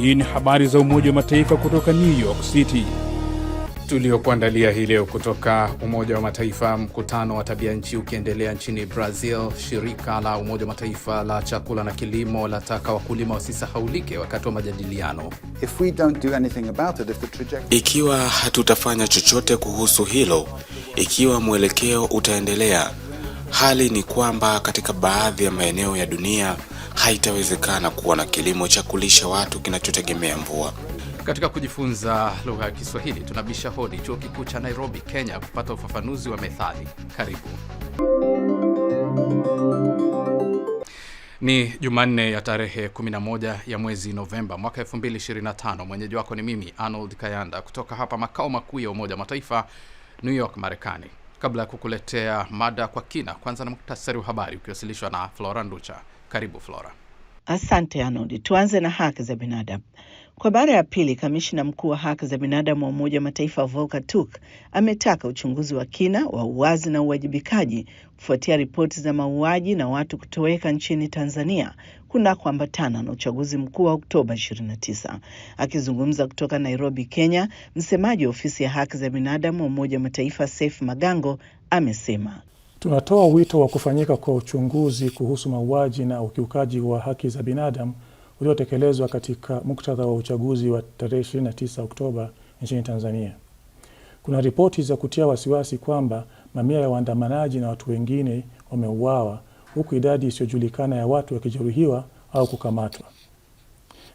Hii ni habari za Umoja wa Mataifa kutoka New York City tuliokuandalia hii leo. Kutoka Umoja wa Mataifa, mkutano wa tabia nchi ukiendelea nchini Brazil, shirika la Umoja wa Mataifa la chakula na kilimo lataka wakulima wasisahaulike wakati wa majadiliano. If we don't do anything about it, if the trajectory... ikiwa hatutafanya chochote kuhusu hilo, ikiwa mwelekeo utaendelea Hali ni kwamba katika baadhi ya maeneo ya dunia haitawezekana kuwa na kilimo cha kulisha watu kinachotegemea mvua. Katika kujifunza lugha ya Kiswahili tunabisha hodi chuo kikuu cha Nairobi, Kenya, kupata ufafanuzi wa methali. Karibu. Ni Jumanne ya tarehe 11 ya mwezi Novemba mwaka 2025. Mwenyeji wako ni mimi Arnold Kayanda kutoka hapa makao makuu ya Umoja wa Mataifa, New York, Marekani. Kabla ya kukuletea mada kwa kina, kwanza na muktasari wa habari ukiwasilishwa na Flora Nducha. Karibu Flora. Asante anodi Tuanze na haki za binadamu. Kwa mara ya pili, kamishna mkuu wa haki za binadamu wa Umoja wa Mataifa Volker Turk ametaka uchunguzi wa kina wa uwazi na uwajibikaji kufuatia ripoti za mauaji na watu kutoweka nchini Tanzania kunakoambatana na uchaguzi mkuu wa Oktoba 29. Akizungumza kutoka Nairobi, Kenya, msemaji wa ofisi ya haki za binadamu wa Umoja wa Mataifa sef Magango amesema tunatoa wito wa kufanyika kwa uchunguzi kuhusu mauaji na ukiukaji wa haki za binadamu uliotekelezwa katika muktadha wa uchaguzi wa tarehe 29 Oktoba nchini Tanzania. Kuna ripoti za kutia wasiwasi kwamba mamia ya waandamanaji na watu wengine wameuawa huku idadi isiyojulikana ya watu wakijeruhiwa au kukamatwa.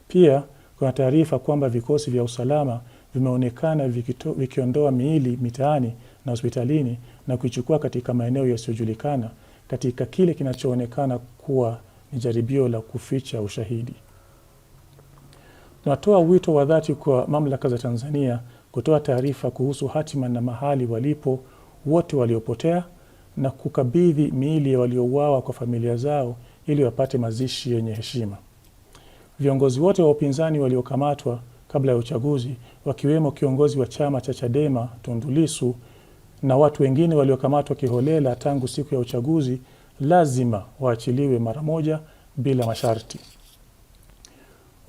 Pia kuna taarifa kwamba vikosi vya usalama vimeonekana vikito, vikiondoa miili mitaani na hospitalini na kuichukua katika maeneo yasiyojulikana katika kile kinachoonekana kuwa ni jaribio la kuficha ushahidi. Natoa wito wa dhati kwa mamlaka za Tanzania kutoa taarifa kuhusu hatima na mahali walipo wote waliopotea na kukabidhi miili ya waliouawa kwa familia zao ili wapate mazishi yenye heshima. Viongozi wote wa upinzani waliokamatwa kabla ya uchaguzi wakiwemo kiongozi wa chama cha Chadema Tundu Lissu na watu wengine waliokamatwa kiholela tangu siku ya uchaguzi lazima waachiliwe mara moja bila masharti.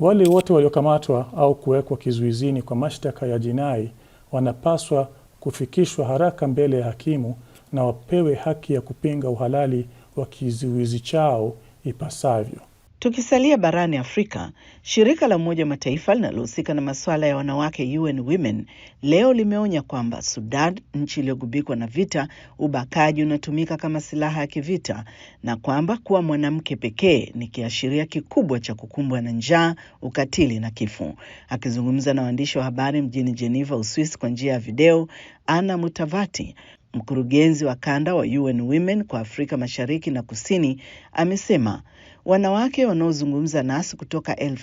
Wale wote waliokamatwa au kuwekwa kizuizini kwa mashtaka ya jinai wanapaswa kufikishwa haraka mbele ya hakimu na wapewe haki ya kupinga uhalali wa kizuizi chao ipasavyo. Tukisalia barani Afrika, shirika la Umoja Mataifa linalohusika na masuala ya wanawake UN Women leo limeonya kwamba Sudan, nchi iliyogubikwa na vita, ubakaji unatumika kama silaha ya kivita na kwamba kuwa mwanamke pekee ni kiashiria kikubwa cha kukumbwa na njaa, ukatili na kifo. Akizungumza na waandishi wa habari mjini jeneva Uswisi, kwa njia ya video, ana Mutavati, Mkurugenzi wa kanda wa UN Women kwa Afrika Mashariki na Kusini amesema wanawake wanaozungumza nasi kutoka El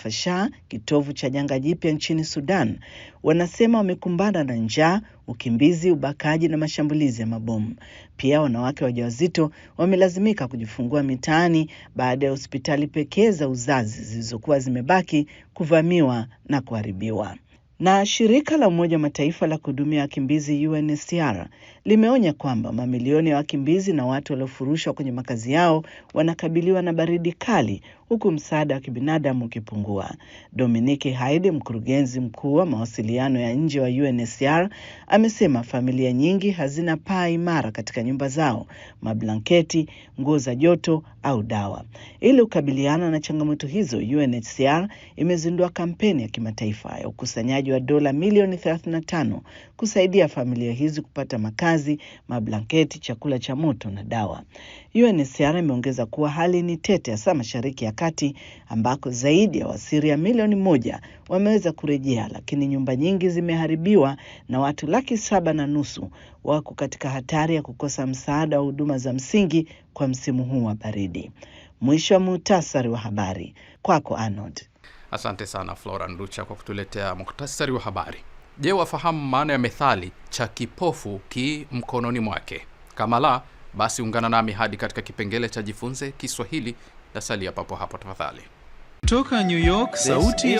kitovu cha janga jipya nchini Sudan, wanasema wamekumbana na njaa, ukimbizi, ubakaji na mashambulizi ya mabomu. Pia wanawake wajawazito wamelazimika kujifungua mitaani baada ya hospitali pekee za uzazi zilizokuwa zimebaki kuvamiwa na kuharibiwa. Na shirika la Umoja wa Mataifa la kuhudumia wakimbizi UNHCR limeonya kwamba mamilioni ya wakimbizi na watu waliofurushwa kwenye makazi yao wanakabiliwa na baridi kali huku msaada wa kibinadamu ukipungua. Dominiki Haidi, mkurugenzi mkuu wa mawasiliano ya nje wa UNHCR, amesema familia nyingi hazina paa imara katika nyumba zao, mablanketi, nguo za joto au dawa. Ili kukabiliana na changamoto hizo, UNHCR imezindua kampeni ya kimataifa ya ukusanyaji wa dola milioni 35 kusaidia familia hizi kupata makazi malazi, mablanketi, chakula cha moto na dawa. UNHCR imeongeza kuwa hali ni tete hasa Mashariki ya Kati ambako zaidi ya Wasiria milioni moja wameweza kurejea, lakini nyumba nyingi zimeharibiwa na watu laki saba na nusu wako katika hatari ya kukosa msaada wa huduma za msingi kwa msimu huu wa baridi. Mwisho wa muhtasari wa habari, kwako Arnold. Asante sana Flora Nducha kwa kutuletea muhtasari wa habari. Je, wafahamu maana ya methali cha kipofu ki mkononi mwake? Kama la, basi ungana nami hadi katika kipengele cha jifunze Kiswahili. na salia papo hapo tafadhali. toka New York, sauti ya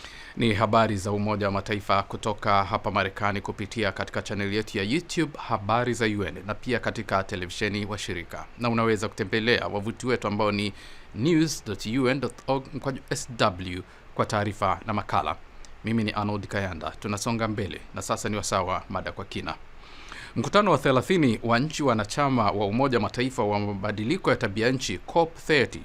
Ni habari za Umoja wa Mataifa kutoka hapa Marekani kupitia katika chaneli yetu ya YouTube Habari za UN na pia katika televisheni wa shirika, na unaweza kutembelea wavuti wetu ambao ni news.un.org sw kwa taarifa na makala. Mimi ni Arnold Kayanda. Tunasonga mbele na sasa ni wasawa mada kwa kina. Mkutano wa 30 wa nchi wanachama wa Umoja wa Mataifa wa mabadiliko ya tabia nchi COP 30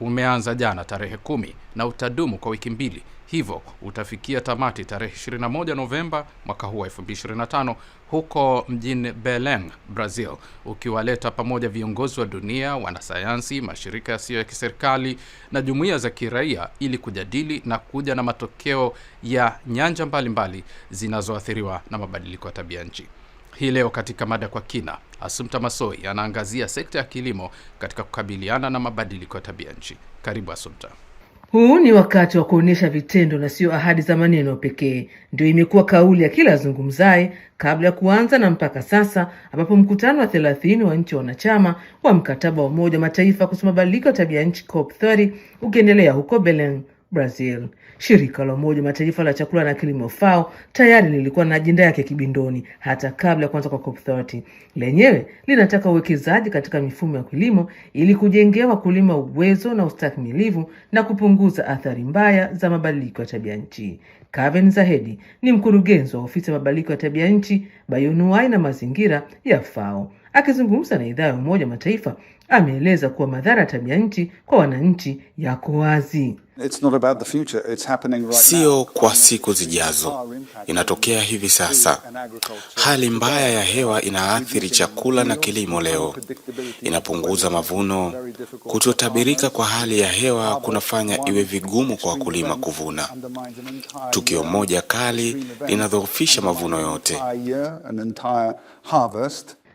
umeanza jana tarehe kumi na utadumu kwa wiki mbili, hivyo utafikia tamati tarehe 21 Novemba mwaka huu wa 2025 huko mjini belen Brazil, ukiwaleta pamoja viongozi wa dunia, wanasayansi, mashirika yasiyo ya kiserikali na jumuiya za kiraia ili kujadili na kuja na matokeo ya nyanja mbalimbali zinazoathiriwa na mabadiliko ya tabia nchi. Hii leo katika mada kwa kina, Asumta Masoi anaangazia sekta ya kilimo katika kukabiliana na mabadiliko ya tabia nchi. Karibu Asumta. Huu ni wakati wa kuonyesha vitendo na sio ahadi za maneno pekee, ndio imekuwa kauli ya kila azungumzaye kabla ya kuanza na mpaka sasa, ambapo mkutano wa thelathini wa nchi wanachama wa mkataba wa Umoja wa Mataifa kuhusu mabadiliko ya tabia nchi COP30 ukiendelea huko Belen, Brazil. Shirika la Umoja Mataifa la chakula na kilimo FAO tayari lilikuwa na ajenda yake kibindoni hata kabla ya kuanza kwa COP30. Lenyewe linataka uwekezaji katika mifumo ya kilimo ili kujengea wakulima uwezo na ustahimilivu na kupunguza athari mbaya za mabadiliko ya tabia nchi. Kaven Zahedi ni mkurugenzi wa ofisi ya mabadiliko ya tabia nchi, bayonuai na mazingira ya FAO. Akizungumza na idhaa ya Umoja Mataifa ameeleza kuwa madhara ya tabia nchi kwa wananchi yako wazi. Sio kwa siku zijazo, inatokea hivi sasa. Hali mbaya ya hewa inaathiri chakula na kilimo leo, inapunguza mavuno. Kutotabirika kwa hali ya hewa kunafanya iwe vigumu kwa wakulima kuvuna. Tukio moja kali linadhoofisha mavuno yote.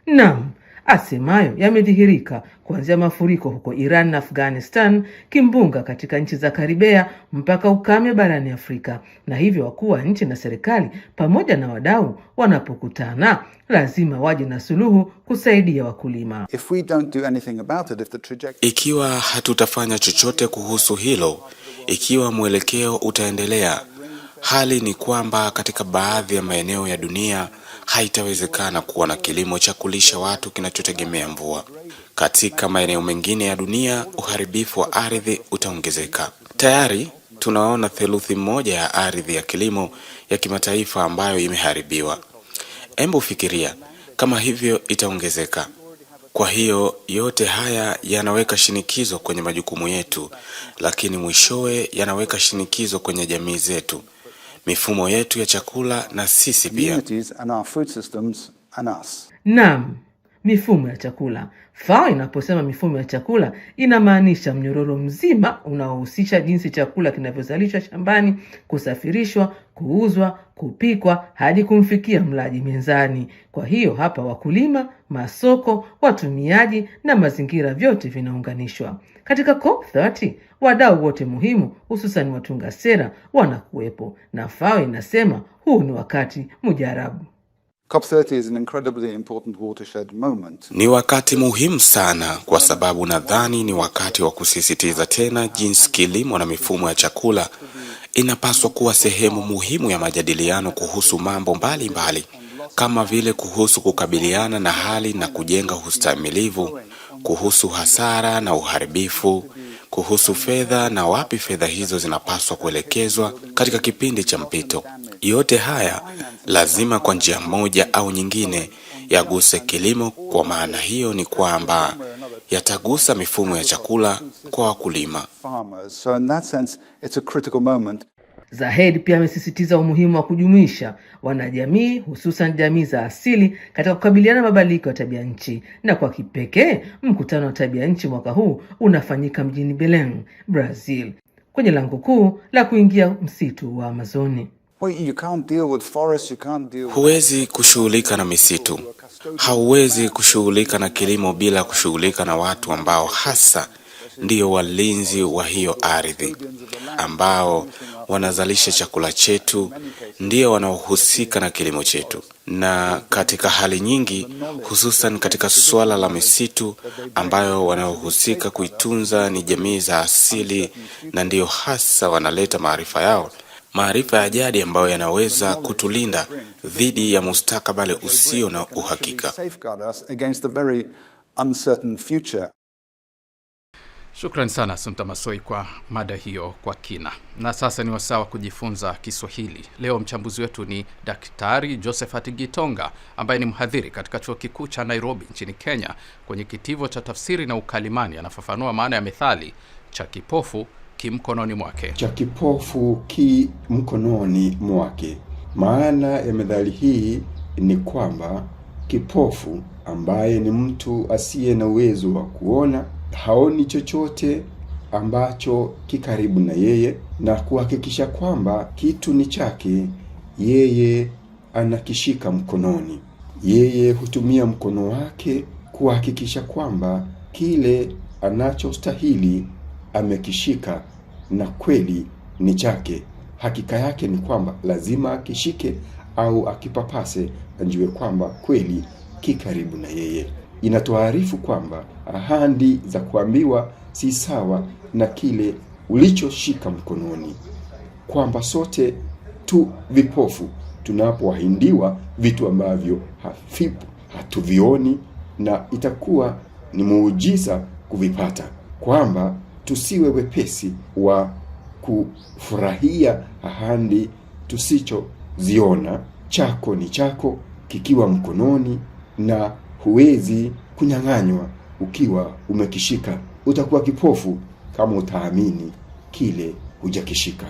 Naam asemayo yamedhihirika kuanzia mafuriko huko Iran na Afghanistan, kimbunga katika nchi za Karibea mpaka ukame barani Afrika, na hivyo wakuu wa nchi na serikali pamoja na wadau wanapokutana lazima waje na suluhu kusaidia wakulima. If we don't do anything about it, if the trajectory... ikiwa hatutafanya chochote kuhusu hilo, ikiwa mwelekeo utaendelea, hali ni kwamba katika baadhi ya maeneo ya dunia haitawezekana kuwa na kilimo cha kulisha watu kinachotegemea mvua. Katika maeneo mengine ya dunia, uharibifu wa ardhi utaongezeka. Tayari tunaona theluthi moja ya ardhi ya kilimo ya kimataifa ambayo imeharibiwa. Embu fikiria kama hivyo itaongezeka. Kwa hiyo yote haya yanaweka shinikizo kwenye majukumu yetu, lakini mwishowe yanaweka shinikizo kwenye jamii zetu mifumo yetu ya chakula na sisi pia. Naam. Mifumo ya chakula. FAO inaposema mifumo ya chakula, inamaanisha mnyororo mzima unaohusisha jinsi chakula kinavyozalishwa shambani, kusafirishwa, kuuzwa, kupikwa hadi kumfikia mlaji mezani. Kwa hiyo hapa wakulima, masoko, watumiaji na mazingira vyote vinaunganishwa. Katika COP30 wadau wote muhimu, hususan watunga sera, wanakuwepo na FAO inasema huu ni wakati mujarabu. COP30 is an incredibly important watershed moment. Ni wakati muhimu sana kwa sababu nadhani ni wakati wa kusisitiza tena jinsi kilimo na mifumo ya chakula inapaswa kuwa sehemu muhimu ya majadiliano kuhusu mambo mbalimbali mbali, kama vile kuhusu kukabiliana na hali na kujenga ustahimilivu, kuhusu hasara na uharibifu kuhusu fedha na wapi fedha hizo zinapaswa kuelekezwa katika kipindi cha mpito. Yote haya lazima kwa njia moja au nyingine yaguse kilimo. Kwa maana hiyo ni kwamba yatagusa mifumo ya chakula kwa wakulima. Zahedi pia amesisitiza umuhimu wa kujumuisha wanajamii hususan jamii za asili katika kukabiliana na mabadiliko ya tabia nchi, na kwa kipekee mkutano wa tabia nchi mwaka huu unafanyika mjini Belém, Brazil, kwenye lango kuu la kuingia msitu wa Amazoni. Huwezi kushughulika na misitu, hauwezi kushughulika na kilimo bila kushughulika na watu ambao hasa ndio walinzi wa hiyo ardhi ambao wanazalisha chakula chetu, ndio wanaohusika na kilimo chetu, na katika hali nyingi, hususan katika suala la misitu ambayo wanaohusika kuitunza ni jamii za asili, na ndiyo hasa wanaleta maarifa yao, maarifa ya jadi ambayo yanaweza kutulinda dhidi ya mustakabali usio na uhakika. Shukrani sana Sumta Masoi kwa mada hiyo kwa kina. Na sasa ni wasawa kujifunza Kiswahili. Leo mchambuzi wetu ni Daktari Josephat Gitonga ambaye ni mhadhiri katika chuo kikuu cha Nairobi nchini Kenya kwenye kitivo cha tafsiri na ukalimani. Anafafanua maana ya methali cha kipofu kimkononi mwake. Cha kipofu ki mkononi mwake. Maana ya methali hii ni kwamba kipofu ambaye ni mtu asiye na uwezo wa kuona haoni chochote ambacho kikaribu na yeye na kuhakikisha kwamba kitu ni chake, yeye anakishika mkononi. Yeye hutumia mkono wake kuhakikisha kwamba kile anachostahili amekishika na kweli ni chake. Hakika yake ni kwamba lazima akishike au akipapase, ajue kwamba kweli kikaribu na yeye inatuarifu kwamba ahadi za kuambiwa si sawa na kile ulichoshika mkononi, kwamba sote tu vipofu tunapoahindiwa vitu ambavyo hafipo hatuvioni na itakuwa ni muujiza kuvipata, kwamba tusiwe wepesi wa kufurahia ahadi tusichoziona. Chako ni chako kikiwa mkononi na huwezi kunyang'anywa ukiwa umekishika. Utakuwa kipofu kama utaamini kile hujakishika.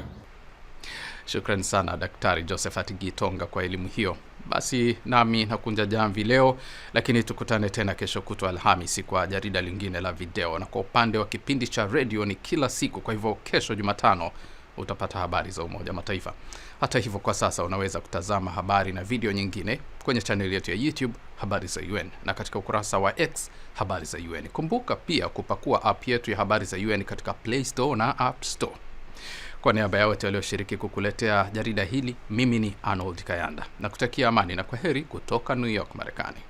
shukran sana Daktari Josephat Gitonga kwa elimu hiyo. Basi nami nakunja jamvi leo, lakini tukutane tena kesho kutwa Alhamisi kwa jarida lingine la video, na kwa upande wa kipindi cha redio ni kila siku. Kwa hivyo kesho Jumatano utapata habari za Umoja Mataifa. Hata hivyo, kwa sasa unaweza kutazama habari na video nyingine kwenye chaneli yetu ya YouTube habari za UN na katika ukurasa wa X habari za UN. Kumbuka pia kupakua app yetu ya habari za UN katika Play Store na App Store. Kwa niaba ya wote walioshiriki kukuletea jarida hili, mimi ni Arnold Kayanda na kutakia amani na kwa heri kutoka New York, Marekani.